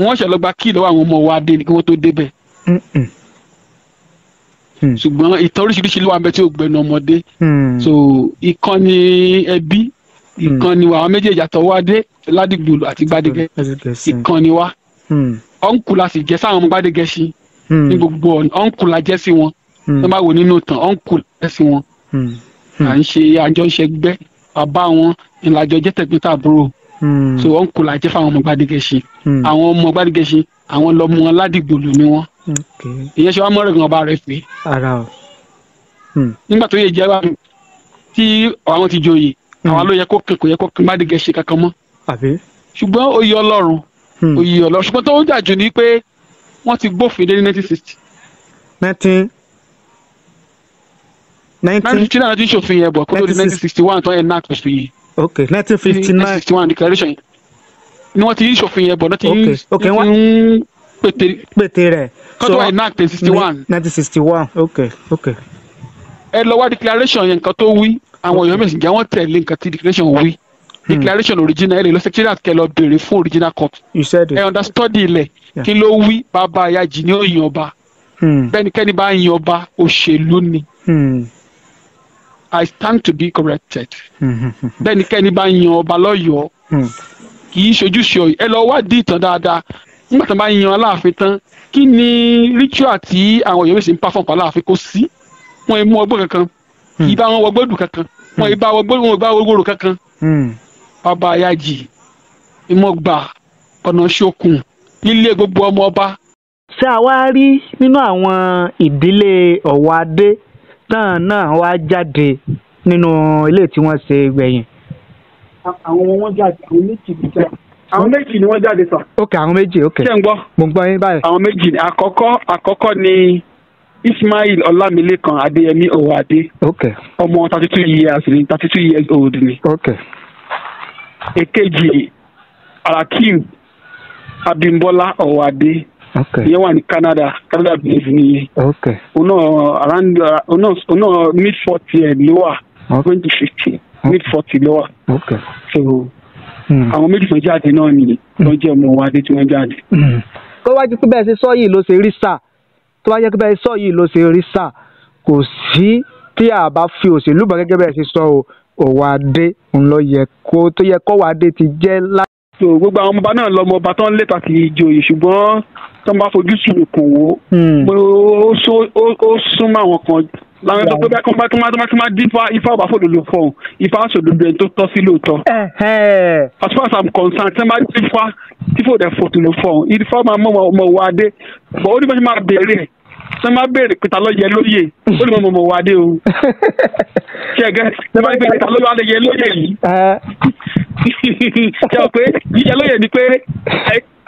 wọ́n ṣe gba kí lọ́wọ́ àwọn ọmọ wa dé kí wọ́n tó débẹ̀ Hmm. ṣùgbọ́n ìtàn oríṣiríṣi ló wà mẹ́ tí ó gbẹnu ọmọdé hmm. so ìkànnì ẹbí hmm. ìkànnì wa àwọn méjèèjì àtọwádé ládìgbòlù àti gbadege ìkànnì wa ọ̀nkù la sì jẹ́ sáwọn ọmọ gbadege sí ní gbogbo ọ̀nà ọ̀nkù la jẹ́ sí wọn tó bá wò nínú ìtàn ọ̀nkù la jẹ́ sí wọn à ń ṣe àjọ ń ṣe gbẹ́ bàbá wọn ìlàjọ jẹ́ tẹ̀gbọ́n tàbúrò so ọ̀nkù la jẹ́ fáwọn ọmọ gbadege sí àwọn ọmọ gbadege sí àwọn lọ́mọ ládìgbòlù ni wọ́n ìyẹn ṣe wá mọ́rẹ̀ gan ọba rẹ̀ pé. ara o. Hmm. nígbà tó yẹ jẹ́ wa tí àwọn ti joyè hmm. àwọn ló yẹ kó kàn kó yẹ kó kàn má dìgẹ́ ṣe kankan mọ́. ṣùgbọ́n oyè ọlọ́run hmm. oyè ọlọ́run ṣùgbọ́n tó ń jà jù ni pé wọ́n ti gbófin dé ní nineteen sixty. nineteen nineteen náà ti ń ṣòfin yẹn bọ̀ kó tó di nineteen sixty one tó yẹn náà kò fi ok nineteen fifty nine nineteen sixty one declaration ni wọ́n ti ń ṣòfin yẹn bọ̀ náà ti ń ẹ lọ wá declaration yẹn nǹkan tó wí àwọn èèyàn mẹsìn jẹ́ wọ́n tẹ̀lé nǹkan tí declaration wí hmm. declaration original ẹ lè lọ secretariat kẹ fún original copy. you said ẹ understudy ilẹ̀ kí ló wí bàbá ayájì ni ó yin ọba. Hmm. bẹ́nikẹ́ni bá yin ọba òṣèlú ni. Hmm. I stand to be corrected. bẹ́nikẹ́ni bá yin ọba lọ́yọ̀ọ́ kì í ṣojúṣe ẹ lọ wádìí ìtàn dáadáa nígbà tó bá yan aláàfin tán kí ni ritual tí àwọn èèyàn sì ń pa fọ́npá aláàfin kò sí wọn mú ọgbọ́n kankan hmm. ìbá wọn wọgbọ́dù kankan hmm. wọn ìbá wọgbọ́rò kankan hmm. bàbá ayájì ìmọ̀gbà ọ̀nà ṣokùn nílé gbogbo ọmọ ọba. ṣé a wá rí nínú àwọn ìdílé ọ̀wọ́ adé náà náà wá jáde nínú ilé tí wọ́n ṣe gbẹ̀yìn. àwọn wọn jáde àwọn méjì ló jáde àwọn méjì ni wọ́n jáde sàn. ok àwọn méjì ok. ṣé ń gbọ́. mo ń gbọ́ yín báyìí. àwọn méjì ni àkọ́kọ́ àkọ́kọ́ ni Ismail Ọlámilékan Adéyẹmí Owóadé. ok. ọmọ thirty two years ni thirty two years old ni. ok. èkejì Rakim Abímbọ́lá Owóadé. ok. ìyẹn wà ní Canada Canada base ni. ok. òun around òun náà mid forty ẹ̀ ló wà. ok twenty fifteen mid forty ló wà. ok. so. Hmm. àwọn méjì tó jáde náà nìyí tó jẹ́ ọmọ wa dé tí wọ́n jáde. Hmm. tó wá jẹ́ pé bẹ́ẹ̀ ṣe sọ yìí ló ṣe rí sà tó wá jẹ́ pé bẹ́ẹ̀ sọ yìí ló ṣe rí sà kò sí tí a bá fi òṣèlú bọ̀ gẹ́gẹ́ bẹ́ẹ̀ ṣe sọ o òwò adé ńlọ yẹ kó tó yẹ kó wà adé ti jẹ́ lá so gbogbo àwọn ọmọọba náà lọmọ ọba tán lẹ́tà ti joyè ṣùgbọ́n tó ń bá fojú sí ìkùn wò ó súnmọ́ àwọn kan làwọn ẹgbẹ́ tó bá kí wọ́n bá kí wọ́n dín ifá ọba fòdodo fọ̀hún ifá sòdodo ẹni tó tọ́ sí lóòótọ́. as far as i'm concerned tí wọ́n bá dín ifá tí fòdè fòdodo fọ̀hún ifá máa mọ̀ ọmọ wa dé bọ̀ ó ní bá ṣe máa bẹ̀rẹ̀ tí wọ́n bá béèrè pé ta ló yẹ lóyè ó lè mọ̀ mọ̀ wá dé o kí ẹ gẹ́gẹ́ tí wọ́n bá béèrè ta ló wà lè yẹ lóyè yìí kí ọ pé yíyẹ lóyè ni pé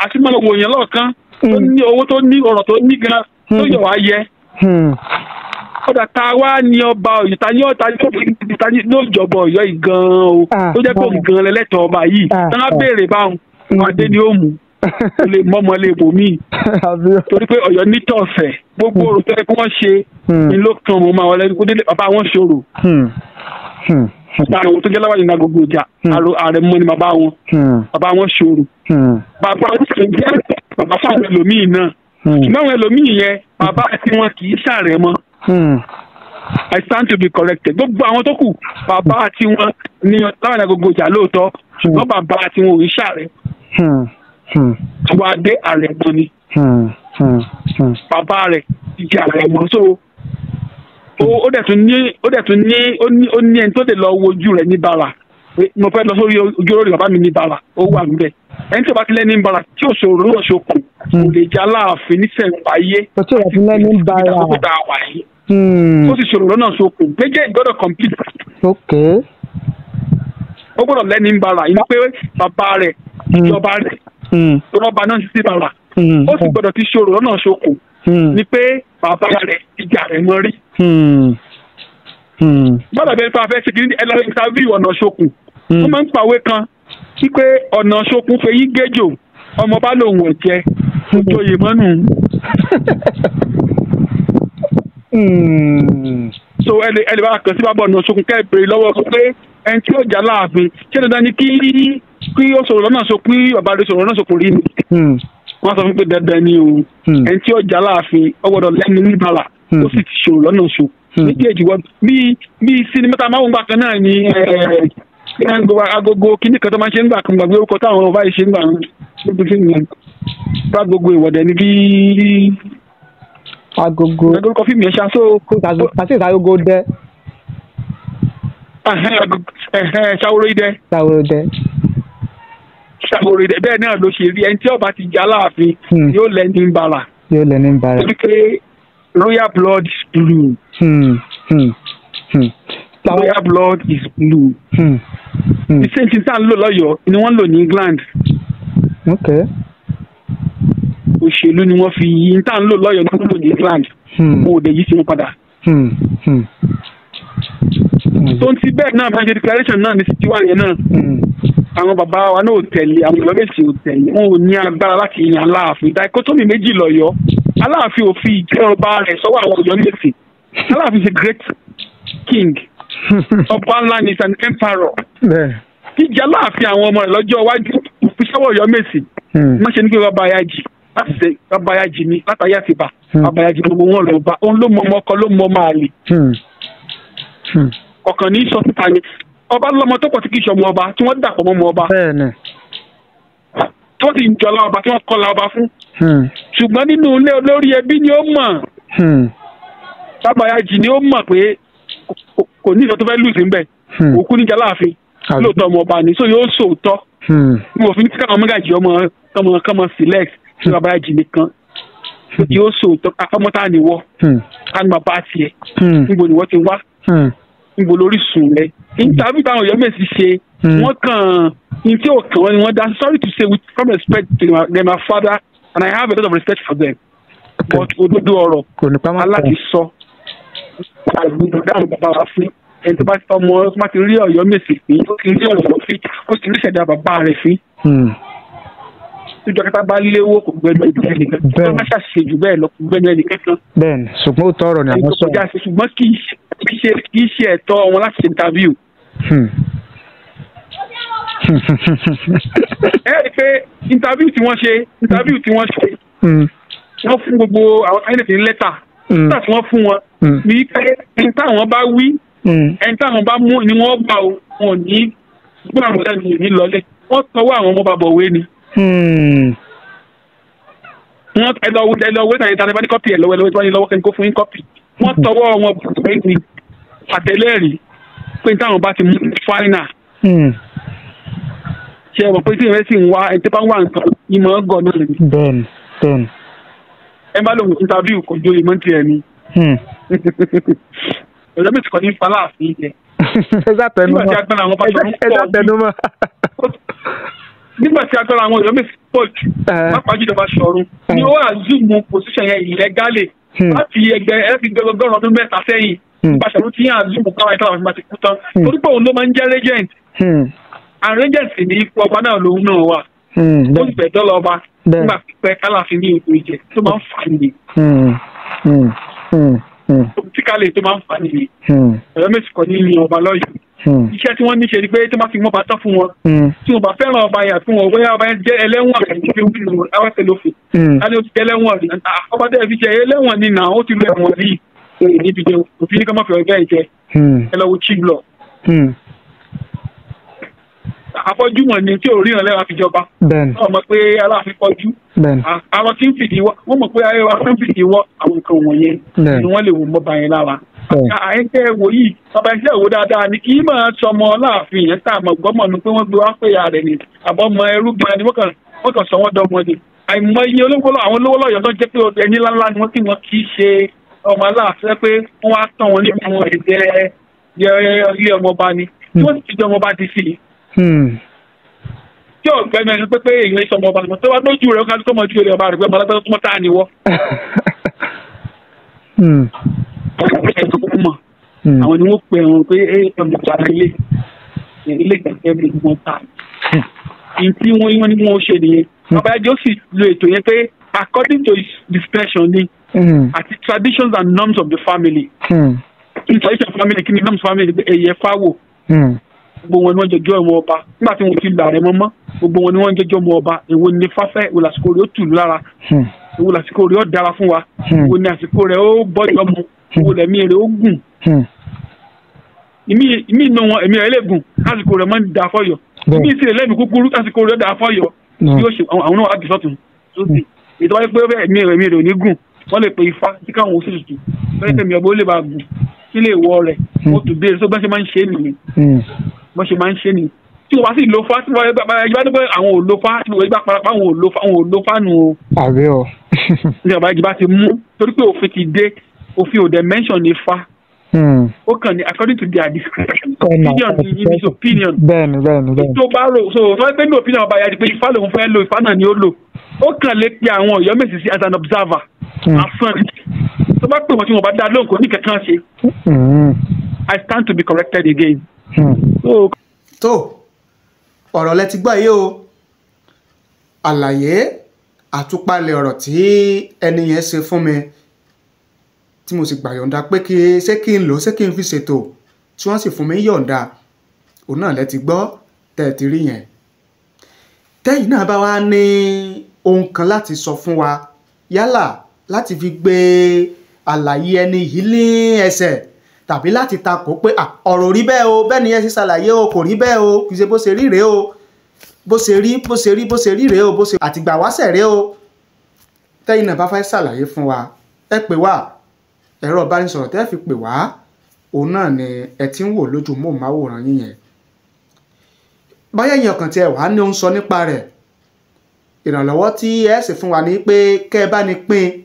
àti mọ̀lẹ́ wò yẹn lọ́ọ̀kan tó hmm. ní owó tó ní ọ̀rọ̀ tó ní gan tó hmm. yọ̀ wá yẹ kódà hmm. tá a wá ní ọba Ọ̀yọ́ ta ní ọta ta ní ìjọba Ọ̀yọ́ yìí gan o tó ah, jẹ́ pé òun gan lẹlẹtọ ọba yìí ah, tí wọ́n ah. béèrè báwọn adé ni ó mú o lè mọ́mọ́ lè bò mí. torí pé ọ̀yọ́ nítọ̀ọ̀fẹ̀ gbogbo òrò hmm. tó yẹ kí wọ́n ṣe hmm. ni ló kan mọ́ àwọn ẹlẹ́ni kó délé bàbá wọn ṣòro. Hmm. àwọn tó jẹ́ láwàjì náà gbogbo ìjà ààrẹ mọ́ ni bàbá wọn bàbá wọn ṣòro. bàbá wọn sì jẹ́ bàbá fáwọn ẹlòmíì náà ṣùgbọ́n àwọn ẹlòmíì yẹn bàbá tí wọn kì í ṣàrẹ mọ́. I stand to be corrected. Gbogbo àwọn tó kù bàbá tí wọn ní láwàjì náà gbogbo ìjà lóòótọ́ ṣùgbọ́n bàbá tí wọn ò ń ṣàrẹ. Hmm. tí de dé ààrẹ tán ni hmm. Hmm. bàbá rẹ̀ ìjà rẹ̀ wọ́n so ó dẹ̀ tún ní ó dẹ̀ tún ní ó ní ẹni tó lè lọ wojú rẹ̀ ní bara mo fẹ́ lọ sórí ojú olórí bàbá mi ní bara ó wà níbẹ̀ ẹni tí o bá ti lẹ́ni bara tí o ṣòro lọ́wọ́ ṣokùn kò lè jà láàfin nísẹ̀ǹpáyé tí o bá ti lẹ́ni bara ó sì ṣòro lọ́nà ṣokùn méjì gbọ́dọ̀ complete. ó gbọ́dọ̀ lẹ́ni bara ìní pé bàbá rẹ̀ ìjọba rẹ̀ rọ́bà hmm. náà sí bàbà hmm. ó sì hmm. gbọ́dọ̀ ti ṣòro lọ́nà ṣoko ni pé bàbá rẹ̀ ìjà rẹ̀ mọ́ rí. bàbá bẹ́ẹ̀ fà fẹ́ ṣe kí ẹ lọ́ọ́ interview ọ̀nà ṣoko wọ́n máa ń pàwé kan wípé ọ̀nà ṣoko fèyí géjò ọmọ bá lòun ò jẹ òjòyè mọ́nù. so ẹ lè bá a kàn sí bàbá ọ̀nà ṣoko kẹ́ ẹ béèrè lọ́wọ́ pé ẹni tí ó jà láàfin ṣé dandan ni kí pé ó sọ̀rọ̀ lọ́nà so pé bàbá rẹ̀ sọ̀rọ̀ lọ́nà so kò rí mi hmm. wọ́n sọ fún pé dandan ni o hmm. ẹni tí ọjà láàfin ó gbọ́dọ̀ lẹ́nu níbàlà hmm. ó sì ti sọ̀rọ̀ lọ́nà so méjèèjì wọ́n bíi bíi sinimẹ́ta máa ń gbà kan náà ni eh, agogo kìíní kan tó máa ń ṣe ń gbà kan gbàgbé orúkọ táwọn ọba yìí ṣe ń gbà níbi fíìmù yẹn bá gbogbo ìwọ̀dẹ ni bí. agogo orúkọ fíìmù yẹn ṣaṣọ. kàṣíìsì agogo dẹ. ṣàwòrò idẹ. ṣàwòrò idẹ ṣàbòrò rẹ̀ bẹ́ẹ̀ náà ló ṣe rí ẹni tí ọba ti já láàfin hmm. yóò lẹ́ni ń bara. yóò lẹ́ni ń bara. torí pé royal blood is blue. Hmm. Hmm. Hmm. royal blood is blue. Hmm. Hmm. the same thing tá à ń lò lọ́yọ̀ọ́ ni wọ́n ń lò ní England. Okay òṣèlú ni wọ́n fi yí n tá à ń lò lọ́yọ̀ọ́ ní kúlò ní England mo ò dé yí sí wọn padà. tó ń ti bẹ́ẹ̀ náà bá ṣe declaration náà ní sitiwa náà àwọn bàbá wa náà ò tẹ̀lé àwọn ìlọ́mẹ̀sì ò tẹ̀lé wọn ò ní agbára láti yan aláàfin daikotomi méjì lọ́yọ́ aláàfin ò fi ìjẹ́ ọba rẹ̀ sọ́wọ́ àwọn ìyọ́mẹ̀sì aláàfin is a great king ọba ńlá ni is an emperor jíjẹ aláàfin àwọn ọmọ rẹ̀ lọ́jọ́ iwájú fi sọ́wọ́ ìyọ́mẹ̀sì hmm. má ṣe ní pé bàbá ya jì láti ṣe bàbá ya jì ní látàrí àtibá hmm. bàbá ya jì gbogbo wọn lọ́ba òun ló mọ ọmọ ọkọ ló mọ ọmọ àlè hmm. ọkàn ní sọ síta ni ọba lọmọ tó pọ̀ tí kì í ṣọmọ ọba tí wọ́n dàpọ̀ mọ́mọ ọba tí wọ́n sì ń jọlá ọba tí wọ́n kọ́lá ọba fún hmm. ṣùgbọ́n nínú ilé olórí ẹbí ni ó mọ̀ tábàyájì hmm. ni ó mọ̀ pé kò ní ìsọtún fẹ́ lù sí nbẹ̀ hmm. òkú níjà láàfin lóòótọ́ ọmọ ọba ni so yóò sòótọ́ ni mo fi ní káwọn mẹ́gàjì ọmọ kọ́mọ kọ́mọ select tí tábàyájì nìkan yóò sòótọ́ ọmọ tá a nìwọ ká ní bàbá tiẹ̀ níbo ni wọ́n ti wá níbo lóríṣun rẹ interview táwọn Ọ̀yọ́ Mèsì ṣe hmm. wọ́n kàn ní tí ò kàn wọ́n ni wọ́n dá sorry to say with some respect to my, to my father and I have a lot of respect for them but òdodo ọ̀rọ̀ aláti sọ ẹni tó bá ti fọmọ ọmọ ti rí Ọ̀yọ́ Mèsì fún ó ti rí Ọ̀yọ́ fún ó ti rí ìṣẹ̀dá bàbá rẹ̀ fún. Hmm ìjọ kẹta bá léwó kò gbẹnu ẹnìkan kan kí wọn má ṣàṣejù bẹ́ẹ̀ lọ kò gbẹnu ẹnìkan kan. bẹ́ẹ̀ni ṣùgbọ́n ó tọrọ ni àwọn sọ. ìkọjá sí ṣùgbọ́n kì í ṣe kì í ṣe ẹ̀tọ́ wọn láti ṣe interview. Hmm. ẹ rí i pé interview tí wọ́n ṣe interview tí wọ́n ṣe hmm. wọ́n fún gbogbo àwọn candidate ní lẹ́tà lẹ́tà hmm. tí wọ́n fún wọn ní pé ẹni táwọn bá wí ẹni táwọn bá mú ni wọ́n gbà wọn ní gbọ́dọ̀ àwọn ọ̀dà ni ò ní lọlé wọ́n tọwọ́ àwọn ọmọ bàbọ̀ wé ni. Hmm. wọ́n ẹ lọ ẹ lọ wẹ́tà yẹn tani bá ní kọ́pì ẹ̀ lọ́wọ́ ẹ lọ́wọ́ tí wọ́n ní lọ́wọ́ kẹ́ni kó fún yín kọ́pì wọ́n tọwọ́ wọn pé ní àtẹlẹ́rìí pé táwọn bá ti mú fáínà ṣe é mọ̀ pé tí ìrẹ́ sì ń wá ẹni tí bá ń wà nǹkan ìmọ̀ ń gọ̀ náà lè ní. bẹ́ẹ̀ni bẹ́ẹ̀ni. ẹ bá lòun interview kò jó ìmọ̀ tiẹ̀ ni. ọ̀dọ́ mi ti kọ́ ní falafel yẹn. ẹ nígbà tí agbára àwọn èèyàn mẹ́sì pọ̀ jù pápá jùlọ bá ṣọ̀run ni ó wà zoom position yẹn ilẹ̀ gálè hmm. láti ẹgbẹ́ ẹ̀fí gbẹgbẹgbẹ̀rún ọdún mẹ́ta sẹ́yìn hmm. nípa ṣàlùú tí yàn zoom káwọn ẹ̀ka àwọn ti kú tán hmm. torí pé òun ló máa ń jẹ́ regent and regent ní ipò ọba náà lòun náà wà ó sì bẹ̀ẹ́ dọ́là ọba nígbà pípẹ́ kálàfin ní ipò ìjẹ tó máa ń fà nìyí. Hmm. politically tó máa ń fà nìyí ọ̀yọ́ mẹ́sì kọ́ nínú ọba lọ́yọ̀ hmm. iṣẹ́ tí wọ́n ní ṣe ni pé tó máa fi mọ́ bá tán fún wọn hmm. tí wọ́n bá fẹ́ràn ọba yẹn fún wọn bóyá ọba yẹn jẹ́ ẹlẹ́wọ̀n rẹ̀ níbi wíìlì awẹ́sẹ̀ lófin láti ó ti jẹ́ ẹlẹ́wọ̀n rẹ̀ ọba tẹ́lẹ̀ fi jẹ́ ẹlẹ́wọ̀n ni nà ó ti lu ẹ̀wọ̀n yìí níbi òfin ní ká má fi ọ̀gá ẹ̀ jẹ ẹ lọ wo chiblo afọ́jú mọ̀ ni tí ò ríran lẹ́wọ̀n àfijọba. bẹ́ẹ̀ni wọ́n mọ̀ pé aláàfin kọjú. bẹ́ẹ̀ni àwọn tí ń fìdí wọ́ wọ́n mọ̀ pé ayé wa fẹ́ ń fìdí wọ́ àwọn nǹkan wọ̀nyẹn ni wọ́n lè wò mọ́ ba yẹn lára. àyẹ̀kẹ́ wo yìí bàbá iṣẹ́ ìwò dáadáa ni kì í máa sọmọ láàfin yẹn tá a mọ̀ gbọ́mọ̀ ni pé wọ́n gbé wá pé ààrẹ ni àbọ̀mọ ẹrú gan ni wọ́n kàn sọ wọ́n dọ́mọ ni àìmọye àwọn olówó lọ́yọ̀ọ́ tó jẹ́ pé ẹni ńláńlá ni wọ́n kì wọ́n kì ọmọ aláàfin hmm. ti jẹ́ Hmm. tí ò gbẹmí ẹni pé pé èèyàn ìṣọmọ ọba tó wá lójú rẹ kálukọ mọ ojú rẹ ọba rẹ pé ọba tó mọ tá a níwọ. àwọn ni wọ́n pe àwọn pé am ìjàlá ilé ilé ìgbàgbé mi wọ́n ta hmm. ní tí wọ́n wọ́n ní wọ́n ṣe nìyẹn hmm. bàbá ẹjọ́ sì lo ètò yẹn pé according to his discretion ni àti traditions and norms of the family. Mm. tradition family kí ni norms family ẹ̀yẹ fáwọ̀ gbogbo wọn ni wọ́n jẹjọ́ ọmọ ọba nígbà tí wọ́n ti lu ààrẹ mọ́mọ́ gbogbo wọn ni wọ́n jẹjọ́ ọmọ ọba èwo ni fáfẹ́ èwo lásìkò rẹ̀ ó tù lára hmm. èwo lásìkò rẹ̀ ó dára fún wa hmm. èwo ni àsìkò rẹ̀ ó bọ́jọ́ mu hmm. èwo lẹ̀mí rẹ̀ ó gùn ìmí inú wọn èmi rẹ̀ lè gùn àsìkò rẹ̀ máa ń da fọ́yọ̀ ìmí ìsirè lẹ́mí kúkúrú àsìkò rẹ̀ ó da fọ́yọ̀ yóò ṣe àwọn náà á dì sọ́tún sóbì ètò wáyé pé èmi rẹ̀ èmi rẹ̀ ò ní gùn wọ́n lè pe ifá tí káwọn oṣù tuntun bẹ́ẹ̀ tẹ̀mí ọ̀bọ ó lè bá gùn sílé ìwọ rẹ̀ ó tún béèrè só bẹ́ẹ̀ ṣe máa ń ṣe bọ́n ṣe máa ń ṣe ni tí o bá sì lo fa tí wọ́n bá dé pé àwọn ò lo fa tí wọ́n bá parapọ̀ àwọn ò lo fa àwọn ò lo fa nù o. àbí o. ní ọba ìjìbá ti mú torí pé òfin ti dé òfin ò dẹ̀ mention ní fa. Hmm. ó kàn ní according to their discretion opinion in his opinion. bẹ́ẹ̀ni bẹ́ẹ̀ni bẹ́ẹ̀ni. tó bá rò so wọ́n pẹ́ ní opinion ọba yàrá pé ifá lòun fẹ́ lo ifá náà ni ó lò ó kàn lè pe àwọn ọ̀yọ́mèsì sí as an observer asán mm. ni tó bá pè wọ́n tí wọ́n bá dá lóhùn kò ní kankan ṣe mm. I stand to be corrected again. Mm. tó ọ̀rọ̀ lẹ ti gbọ́ yìí o àlàyé àtúpalẹ̀ ọ̀rọ̀ tí ẹni yẹn ṣe fún mi tí mo sì gbà yọ̀ǹda pé kí ṣé kí n lò ṣé kí n fi ṣètò tí wọ́n sì fún mi yọ̀ǹda òun náà lẹ ti gbọ́ tẹ́ ẹ ti rí yẹn tẹ́yìn náà bá wá ní ohun kan láti sọ fún wa yálà láti fi gbé àlàyé ẹni yìí ní ẹsẹ̀ tàbí láti takò pé ọ̀rọ̀ rí bẹ́ẹ̀ o bẹ́ẹ̀ ni ẹ ṣe ṣàlàyé o kò rí bẹ́ẹ̀ o kì í ṣe bó ṣe rí rèé o bó ṣe rí bó ṣe rí bó ṣe rí rèé o bó ṣe àtìgbà wáṣẹ̀ rèé o tẹ́yìn náà bá fẹ́ ṣàlàyé fún wa ẹ pè wá ẹ̀rọ ìbánisọ̀rọ̀ tẹ́ fi pè wá òun náà ni ẹ ti ń wò lójú móhùnmáwòrán yíyan báyà yẹn ọkàn tí ẹ wàá ní òun sọ nípa rẹ̀ ìrànlọ́wọ́ tí ẹ sì fún wa ní pé kẹ́ ẹ bá ní pín in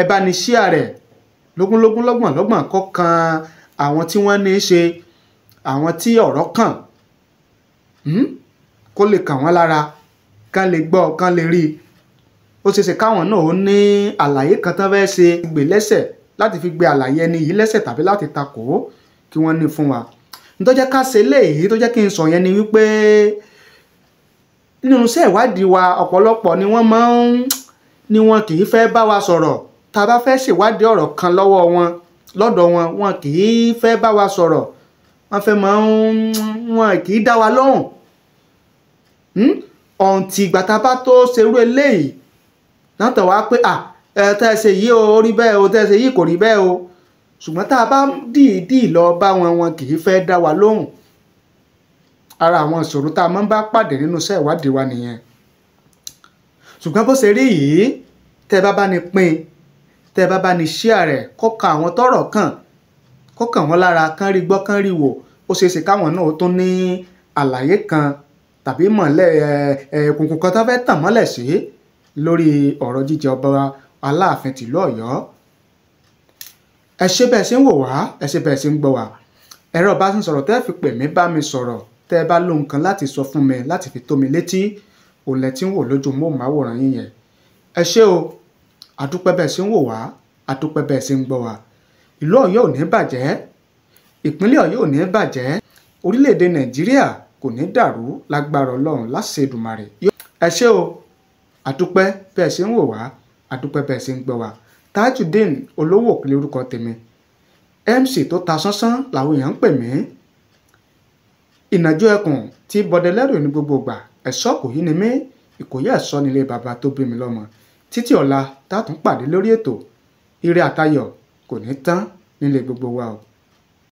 ẹ bá ní ṣíà rẹ̀ lógúnlógún lọ́gbọ̀n lọ́gbọ̀n kó kan àwọn tí wọ́n ní í ṣe àwọn tí ọ̀rọ̀ kàn hmm, kó lè kàn wọ́n lára kán lè gbọ́ kán lè rí i ó ṣeéṣe káwọn náà ó ní àlàyé kan tán fẹ́ ṣe gbè lẹ́sẹ̀ láti fi gbé àlàyé ẹni yìí lẹ́sẹ̀ tàbí láti takò ó kí wọ́n ní fún wa ntọ́jẹ́ ká ṣe léyìí tó jẹ́ kí n sọ yẹn ni wípé nínú iṣẹ́ ìwádìí wa ọ̀pọ̀lọpọ̀ ni wọ́n máa ń ni wọn kì í fẹ́ bá wa sọ̀rọ̀ tá bá fẹ́ ṣèwádìí ọ̀rọ̀ kan lọ́wọ́ wọn lọ́dọ̀ wọn wọn kì í fẹ́ bá wa sọ̀rọ̀ wọ́n fẹ́ máa wọn kì í dá wa lóhùn ọ̀ǹtì hmm? ìgbà tá bá tó ṣerú eléyìí látọ̀ wá pé à ẹ tẹ́ ẹ ṣe yìí o rí bẹ́ẹ̀ o tẹ́ ẹ ṣe yìí kò rí bẹ́ẹ̀ o ṣùgbọ́n tá a bá dìídì lọ bá wọn wọn kì í fẹ́ dá wa lóhùn ara àwọn ìṣòro tá a máa ń bá pàdé nínú iṣẹ́ ìwádìí wa nìyẹn ṣùgbọ́n bó ṣe rí yìí tẹ́ bá bá ní pín tẹ́ ẹ bá bá ní ṣíà rẹ̀ kọ́ka àwọn tọ́rọ̀ kàn kọ́kàn wọn lára kán rí gbọ́ kán rí wò ó ṣeé ṣe káwọn náà tún ní àlàyé kan tàbí mọ̀lẹ́ ẹ̀ẹ́dẹ̀kùnkùn kan tó fẹ́ tàn mọ́lẹ̀ sí lórí ọ̀rọ̀ jíjẹ ọba aláàfin tìlú ọ̀yọ́ ẹ ṣe bẹ́ẹ̀ ṣe ń wò wá ẹ ṣe bẹ́ẹ̀ ṣe ń gbọ́ wá ẹ̀rọ bá ń sọ̀rọ̀ tẹ́ fi pè mí bá mi sọ̀rọ̀ tẹ́ bá lóhun kan láti sọ fún mi láti fi tó mi létí òun lẹ ti ń wò lójú móhùnmáwòrán yín ẹ ṣé o àdúpẹ́ bẹ́ẹ̀ ṣe ń wò wá àdúpẹ́ bẹ́ẹ̀ ṣe ń gbọ́ wá ìlú ọ̀yọ́ ò ní bàjẹ́ ìpínlẹ̀ ọ̀yọ́ ò ní bàjẹ́ orílẹ̀-èdè nàìjíríà kò ní dàrú lágbára ọlọ́run láṣẹ Èdùmàrè. ẹ ṣé o àdúpẹ́ bẹ́ẹ̀ ṣe ń wò wá àdúpẹ́ bẹ́ẹ̀ ṣe ń gbọ́ wá Tajudeen olówó òkèlè orúkọ tèmi MC tó ta sánsán làwọn èèyàn ń pè mí ìnàjò ẹkùn tí bọdẹlẹ́rù ní gbogbo ìgbà ẹ̀ṣọ́ kò yí ni mí ìkòyí ẹ̀ṣọ́ nílé bàbá tó bí mi lọ́mọ títí ọ̀la tá a tún pàdé lórí ètò ire àtayọ̀ kò ní tán nílé gbogbo wa o.